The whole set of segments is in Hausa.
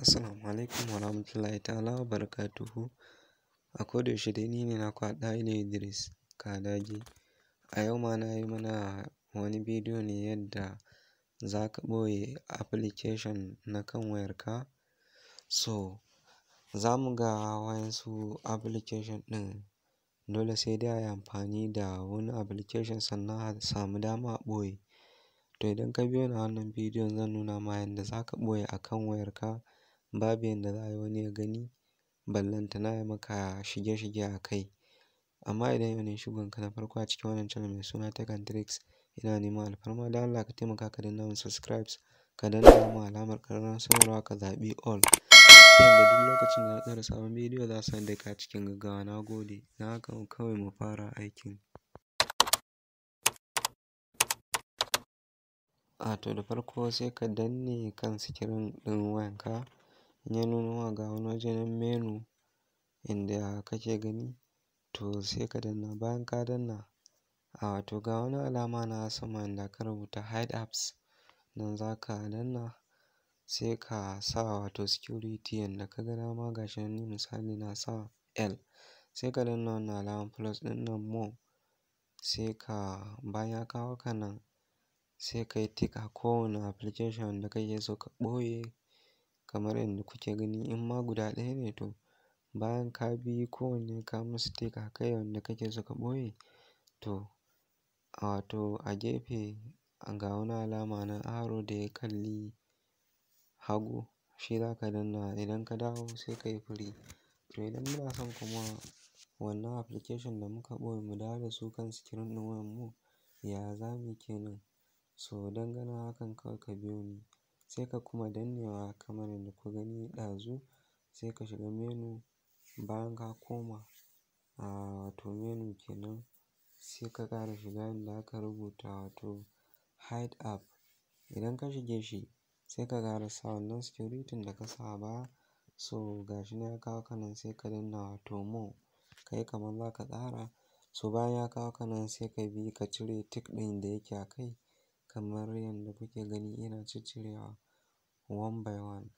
Assalamu alaikum wa rahmatullahi ta'ala wa barakatuhu. A koda yaushe dai ni ne naku Ɗahiru Idris Kadagi. A yau ma na yi mana wani bidiyo ne yadda za ka ɓoye application na kan wayarka. So, za mu ga waɗansu application ɗin dole sai dai a yi amfani da wani application sannan a samu dama a ɓoye. To idan ka biyo ni a wannan bidiyon zan nuna ma yadda za ka ɓoye a kan wayarka. babu yanda za a yi wani ya gani ballantana ya maka shige-shige a kai. Amma idan yau ne ka na farko a cikin wannan channel mai suna Tech and Tricks ina neman alfarma don Allah ka taimaka ka danna min subscribes ka danna min alamar ƙararrawar sanarwa ka zaɓi all. Ta yanda duk lokacin da na sabon bidiyo za su sanar da ka cikin gaggawa. Na gode. Don haka kawai mu fara aikin. A da farko sai ka danne kan sikirin ɗin wayanka. ya nuno ma ga wani waje nan menu inda kake gani to sai ka danna bayan ka danna a wato ga wani alama na sama inda aka rubuta hide apps nan za ka danna sai ka sa wato security yanda ka ga dama ga shi nan misali na sa L sai ka danna wannan alaman plus ɗin nan more sai ka bayan ka kawo ka nan sai ka yi tick a kowane application da kake so ka ɓoye kamar yadda kuke gani in ma guda ɗaya ne to bayan ka bi kowanne ka musu tik a kai wanda kake so ka ɓoye to a wato a gefe ga wani alama na aro da ya kalli hagu shi za ka danna idan ka dawo sai ka yi free to idan muna son kuma wannan application da muka ɓoye mu dawo da su kan sikirin ɗin wayar mu ya za mu yi kenan so don ganin hakan kawai ka biyo ni. sai ka kuma dannewa kamar yadda ku gani ɗazu sai ka shiga menu bayan ka koma a wato menu kenan sai ka ƙara shiga inda aka rubuta wato hide app idan ka shige shi sai ka ƙara sa wannan security da ka sa a baya so ga shi nan ya kawo ka nan sai ka danna wato more kai kamar za ka ƙara so bayan ya kawo ka nan sai ka bi ka cire tick ɗin da yake a kai kamar yadda kuke gani yana ciccirewa one by one.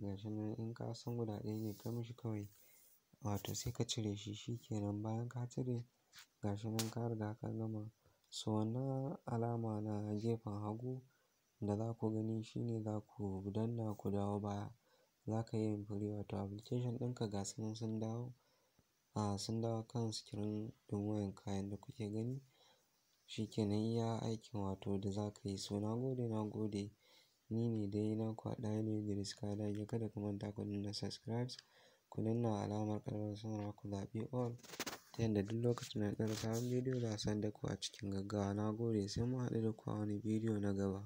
Gashi nan in ka san guda ɗaya ne kai mishi kawai wato sai ka cire shi shi kenan bayan ka cire gashi nan ka riga ka gama. So wannan alama na gefen hagu da za ku gani shi ne za ku danna ku dawo baya. Za ka iya yin wato application ɗinka ga su nan sun dawo, ah, sun dawo kan screen ɗin wayanka yanda kuke gani. Shi kenan iya aikin wato da za ka yi. So na gode, na gode. Ni ne dai naku Ɗahiru Idris Kalage. Kada ku manta ku nuna subscribe, ku nuna alamar ƙararrawar sanarwa ku zaɓi all ta yanda duk lokacin da na sabon bidiyo za a sanar da ku a cikin gaggawa. Na gode sai mu haɗu da ku a wani bidiyo na gaba.